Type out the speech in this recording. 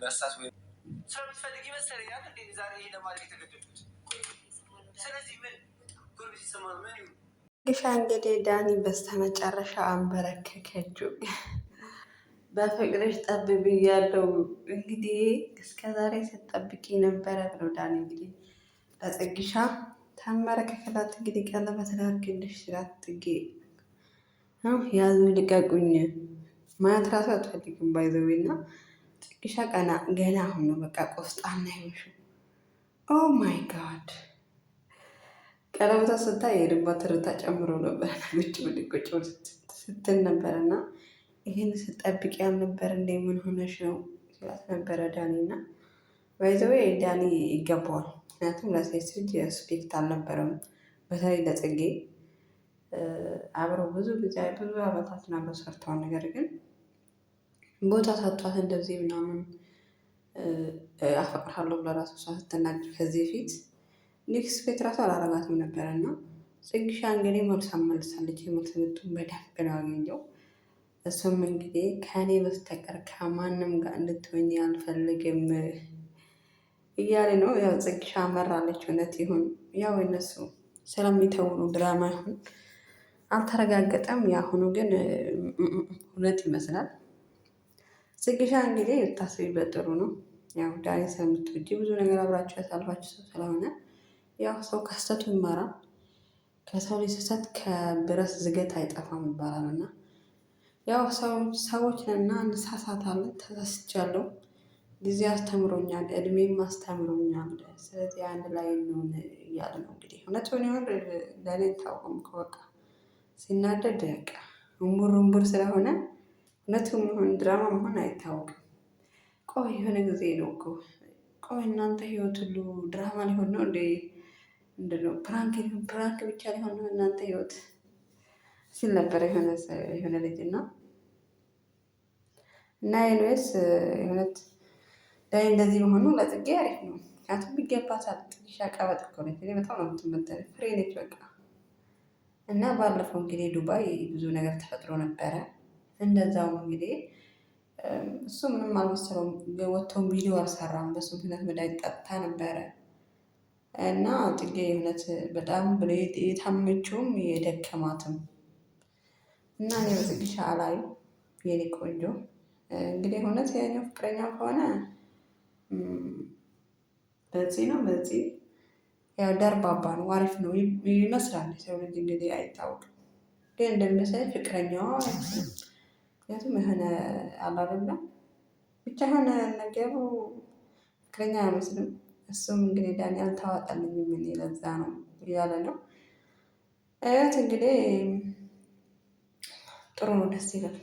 በእርሳስ ወይ ስራ የምትፈልግ ይመስለኛል እንዴ ዛሬ ይሄ ለማድረግ የተገደድኩት። ስለዚህ ምን ጉርብ ሲሰማ ምን ይሁን ግሻ እንግዲህ ዳኒ በስተ መጨረሻ አንበረከከችው። በፍቅርሽ ጠብብ ያለው እንግዲህ እስከ ዛሬ ስትጠብቂ ነበረ ብለው ዳኒ እንግዲህ በጽግሻ ተመረከከላት። እንግዲህ ቀለበት ላድርግልሽ ስላት ጥጌ ያዙ ልቀቁኝ ማያት ራሱ አትፈልግም ባይዘዌ ና ትንሿ ቀና ገና አሁን ነው በቃ ቆፍጣና ይሆንሽ። ኦ ማይ ጋድ ቀለበቷ ስታይ የልቧ ትርታ ጨምሮ ነበር። ቁጭ ብድግ ቁጭ ስትል ነበር እና ይህን ስጠብቅ ያልነበር እንደ ምን ሆነሽ ነው ስላት ነበረ ዳኒ እና ባይዘዌ ዳኒ ይገባዋል። ምክንያቱም ለሴት ልጅ ሪስፔክት አልነበረም። በተለይ ለጽጌ አብረው ብዙ ጊዜ ብዙ አመታትን አብረው ሰርተዋል። ነገር ግን ቦታ ሰጥቷት እንደዚህ ምናምን አፈቅርሃለሁ ብላ ራሱ እሷ ስትናገር ከዚህ በፊት ሊክስፔት ራሱ አላረጋትም ነበረ እና ጽግሻ እንግዲህ መልስ አመልሳለች። የመልስ ምቱን በደንብ ነው ያገኘው። እሱም እንግዲህ ከእኔ በስተቀር ከማንም ጋር እንድትወኝ አልፈልግም እያለ ነው። ያው ጽግሻ መራለች። እውነት ይሁን ያው እነሱ ስለሚተውኑ ድራማ ይሁን አልተረጋገጠም። የአሁኑ ግን እውነት ይመስላል። ጽጌሻ እንግዲህ ብታስቢበት ጥሩ ነው። ያው ዳሬ ስለምትወጂ ብዙ ነገር አብራችሁ ያሳልፋችሁ ሰው ስለሆነ ያው ሰው ከስተቱ ይማራል። ከሰው ልጅ ስህተት ከብረት ዝገት አይጠፋም ይባላል እና ያው ሰው ሰዎች ሰዎችንና እንሳሳታለን። ተሳስቻለሁ፣ ጊዜ አስተምሮኛል፣ እድሜም አስተምሮኛል። ስለዚህ አንድ ላይ እንሆን እያለ ነው እንግዲህ እውነት ሆን ሆን ለእኔ ታውቁም ከወቃ ሲናደድ በቃ እምቡር እምቡር ስለሆነ እውነቱም ይሁን ድራማ መሆን አይታወቅም። ቆይ የሆነ ጊዜ ነው እኮ ቆይ እናንተ ህይወት ሁሉ ድራማ ሊሆን ነው እንዴ? ምንድነው ፕራንክ ሊሆን ፕራንክ ብቻ ሊሆን ነው እናንተ ህይወት ሲል ነበረ የሆነ ልጅ እና እና ኤልዌስ የእውነት ዳይ እንደዚህ መሆኑ ለጽጌ አሪፍ ነው። ምክንያቱም ይገባታል። ጥቂሻ ቀበጥ እኮ ነች። እኔ በጣም ነው የምትመጠል ፍሬ ነች በቃ። እና ባለፈው እንግዲህ ዱባይ ብዙ ነገር ተፈጥሮ ነበረ። እንደዛው እንግዲህ እሱ ምንም አልመሰለውም። ወጥተውን ቪዲዮ አልሰራም። በሱ ምክንያት መድኃኒት ጠጥታ ነበረ እና ጽጌ እውነት በጣም የታመችውም የደከማትም እና እኔ በጽግሻ ላይ የኔ ቆንጆ እንግዲህ እውነት ያኛው ፍቅረኛው ከሆነ በዚህ ነው በዚህ ያው ደርባባ ነው፣ አሪፍ ነው ይመስላል። ሰው ልጅ እንግዲህ አይታወቅም፣ ግን እንደሚመስለኝ ፍቅረኛዋ ምክንያቱም የሆነ አላደለ ብቻ የሆነ ነገሩ ፍቅረኛ አይመስልም። እሱም እንግዲህ ዳኒ አልታዋጣልኝም ምን ለዛ ነው እያለ ነው እህት እንግዲህ ጥሩ ነው፣ ደስ ይላል።